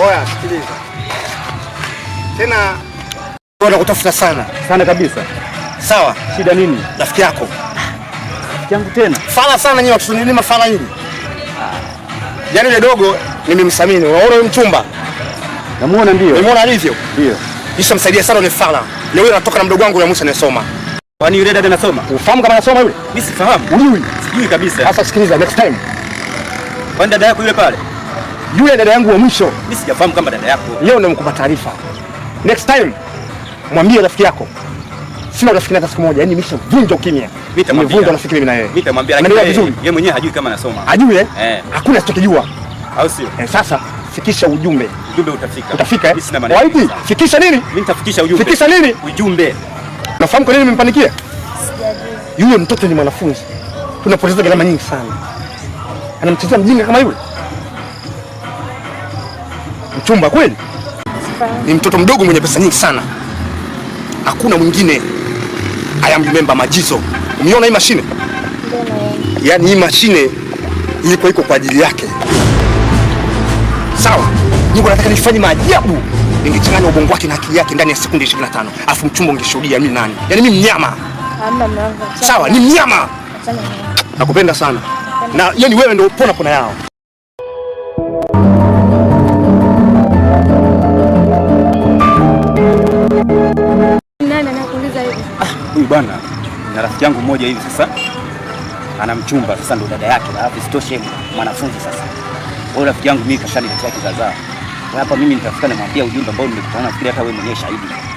Oya, sikiliza tena, nakutafuta sana sana kabisa. Sawa, shida nini? Rafiki yako rafiki yangu tena fala sana nyinyi nyewe, mafala fala ah. Yaani yule dogo nimemsamini, unaona yule mchumba namuona, ndio nimeona alivyo, ndio kisha msaidia sana yule fala. Leo yule anatoka na mdogo wangu yule Musa anasoma. Kwani yule dada anasoma? Ufahamu kama anasoma yule? Mimi sifahamu. Ujui? Sijui kabisa. Sasa sikiliza, next time. Kwani dada yako yule pale? yule dada yangu wa mwisho. Mimi sijafahamu kama dada yako. Leo nimekupa taarifa. Next time mwambie rafiki yako. Sina rafiki naye siku moja, yani nimeshavunja ukimya. Mimi Nimevunja rafiki mimi na yeye. Mimi Nitamwambia lakini yeye mwenyewe hajui kama anasoma. Hajui eh? eh? Hakuna asichokijua. Au sio? Eh, sasa fikisha ujumbe. Ujumbe utafika. Utafika eh? Mimi sina Waidi, fikisha nini? Mimi nitafikisha ujumbe. Fikisha nini? Ujumbe. Nafahamu kwa nini nimempanikia? Sijajua. Yule mtoto ni mwanafunzi. Tunapoteza gharama nyingi sana. Anamchezea mjinga kama yule. Mchumba kweli? Ni mtoto mdogo mwenye pesa nyingi sana, hakuna mwingine. I am remember Majizo. Umeona hii mashine? Yaani hii mashine iko iko kwa ajili yake. Sawa, niko nataka nifanye maajabu, ningechanganya ubongo wake na akili yake ndani ya sekunde 25, alafu mchumba ungeshuhudia mimi nani. Yaani mimi mnyama. Sawa, ni mnyama. Nakupenda sana na yani, wewe ndio upona pona yao. huyu bwana na rafiki yangu mmoja hivi sasa ana mchumba sasa, ndo dada yake, alafu isitoshe mwanafunzi sasa. Wewe rafiki yangu mimi kashani katika kizaza hapa, mimi nitafuta, namwambia ujumbe ambao nimekutana, nafikiri hata wewe mwenyewe shahidi